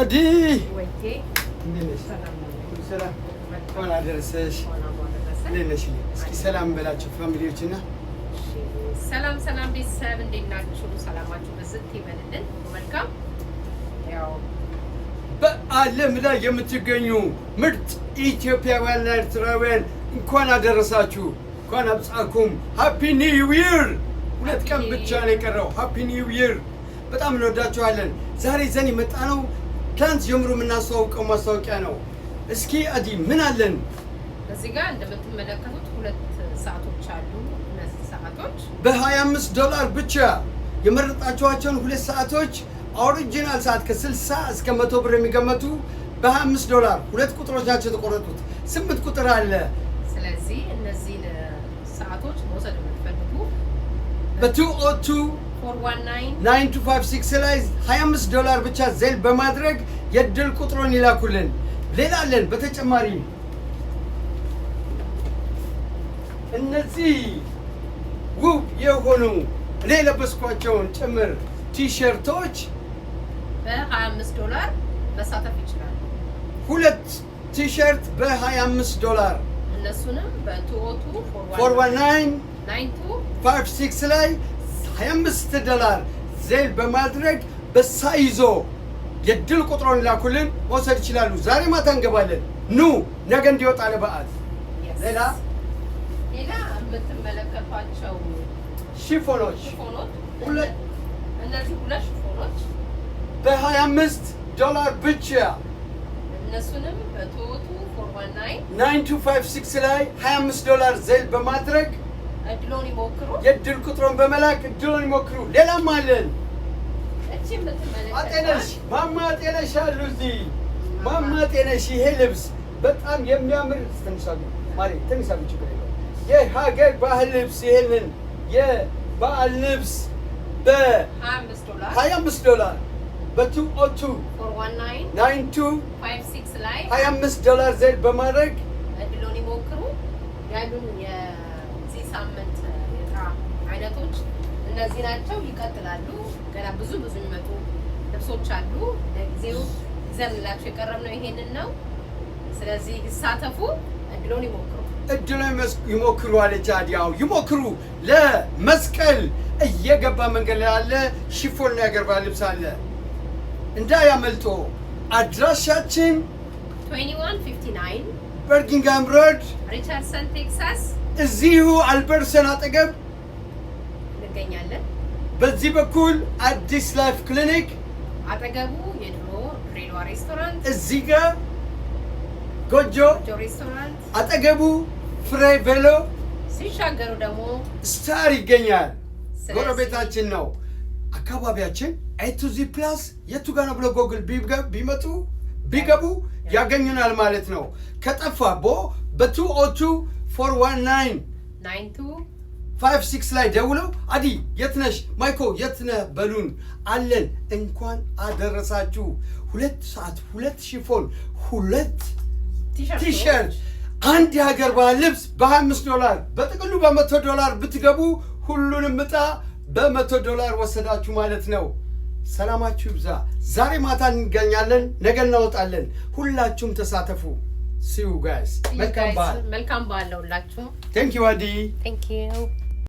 አዲ እንኳን አደረሰሽ። እንዴት ነሽ? እስኪ ሰላም በላቸው ፋሚሊዎች እና ሰላም ሰላም ቤተሰብ እንዴት ናችሁ? ሰላማችሁ በዝት ይበልልን። መልካም ያው በዓለም ላይ የምትገኙ ምርጥ ኢትዮጵያውያን ኤርትራውያን እንኳን አደረሳችሁ፣ እንኳን አብጻኩም። ሃፒ ኒው ይር! ሁለት ቀን ብቻ ነው የቀረው። ኒው ይር! በጣም እንወዳችኋለን። ዛሬ ዘን የመጣ ነው ከትላንት ጀምሮ የምናስተዋውቀው ማስታወቂያ ነው። እስኪ አዲ ምን አለን እዚህ ጋር? እንደምትመለከቱት ሁለት ሰዓቶች አሉ። እነዚህ ሰዓቶች በ25 ዶላር ብቻ የመረጣቸዋቸውን ሁለት ሰዓቶች ኦሪጂናል ሰዓት ከ60 እስከ 100 ብር የሚገመቱ በ25 ዶላር ሁለት ቁጥሮች ናቸው የተቆረጡት። ስምት ቁጥር አለ። ስለዚህ እነዚህን ሰዓቶች መውሰድ የምትፈልጉ በ202 9256 ላይ 25 ዶላር ብቻ ዜል በማድረግ የድል ቁጥሮን ይላኩልን። ሌላ አለን በተጨማሪ እነዚህ ውብ የሆኑ እኔ የለበስኳቸውን ጭምር ቲሸርቶች በ25 ዶላር መሳተፍ ይችላሉ። ሁለት ቲሸርት በ25 ዶላር እነሱንም በቶቱ 419 9256 ላይ 25 ዶላር ዜል በማድረግ በሳይዞ የድል ቁጥሮን ላኩልን መውሰድ ይችላሉ። ዛሬ ማታ እንገባለን። ኑ ነገ እንዲወጣ ለበዓል ሌላ ሌላ የምትመለከቷቸው ሽፎኖች እነዚህ ሁለት ሽፎኖች በሀያ አምስት ዶላር ብቻ እነሱንም በቶቱ ናይን ቱ ፋይቭ ሲክስ ላይ ሀያ አምስት ዶላር ዜል በማድረግ እድሎን ይሞክሩ። የእድል ቁጥሮን በመላክ እድሎን ይሞክሩ። ሌላም አለን። አጤነሽ ማማ ጤነሽ አሉ እዚህ ማማ ጤነሽ። ይሄ ልብስ በጣም የሚያምር ችግር የሀገር ባህል ልብስ ይሄንን የበዓል ልብስ በሀያ አምስት ዶላር በቱ ኦቱ oh ናይን ቱ ዶላር ዘይድ በማድረግ እድሎን ይሞክሩ ያሉን ሳምንት የስራ አይነቶች እነዚህ ናቸው። ይቀጥላሉ። ገና ብዙ ብዙ የሚመጡ ልብሶች አሉ። ለጊዜው ይዘንላችሁ የቀረብነው ይሄንን ነው። ስለዚህ ይሳተፉ፣ እድሎን ይሞክሩ፣ እድሎን ይሞክሩ አለች አዲያው። ይሞክሩ ለመስቀል እየገባ መንገድ ላይ ያለ ሽፎን ላይ ያገርባ ልብስ አለ እንዳያመልጦ። አድራሻችን 2159 በርኪንግሃም ሮድ ሪቻርድሰን ቴክሳስ እዚሁ አልበርሰን አጠገብ እንገኛለን። በዚህ በኩል አዲስ ላይፍ ክሊኒክ አጠገቡ የድሮ ድሬዳዋ ሬስቶራንት፣ እዚህ ጋር ጎጆ ሬስቶራንት አጠገቡ ፍሬ ቬሎ ሲሻገሩ ደግሞ ስታር ይገኛል። ጎረቤታችን ነው። አካባቢያችን ኤቱዚ ፕላስ የቱ ጋር ነው ብሎ ጎግል ቢመጡ ቢገቡ ያገኙናል ማለት ነው። ከጠፋ ቦ በቱ ኦቱ ፎር ዋን ፋይቭ ሲክስ ላይ ደውለው አዲ የትነሽ ማይኮ የትነ በሉን አለን። እንኳን አደረሳችሁ። ሁለት ሰዓት ሁለት ሽፎን ሁለት ቲሸርት አንድ የሀገር ባህል ልብስ በ25 ዶላር በጥቅሉ በመቶ ዶላር ብትገቡ ሁሉንም ዕጣ በመቶ ዶላር ወሰዳችሁ ማለት ነው። ሰላማችሁ ይብዛ። ዛሬ ማታ እንገኛለን፣ ነገ እናወጣለን። ሁላችሁም ተሳተፉ። ሲዩ ጋይስ መልካም በዓል መልካም በዓል ለሁላችሁም። ቴንክ ዩ አዲ ቴንክ ዩ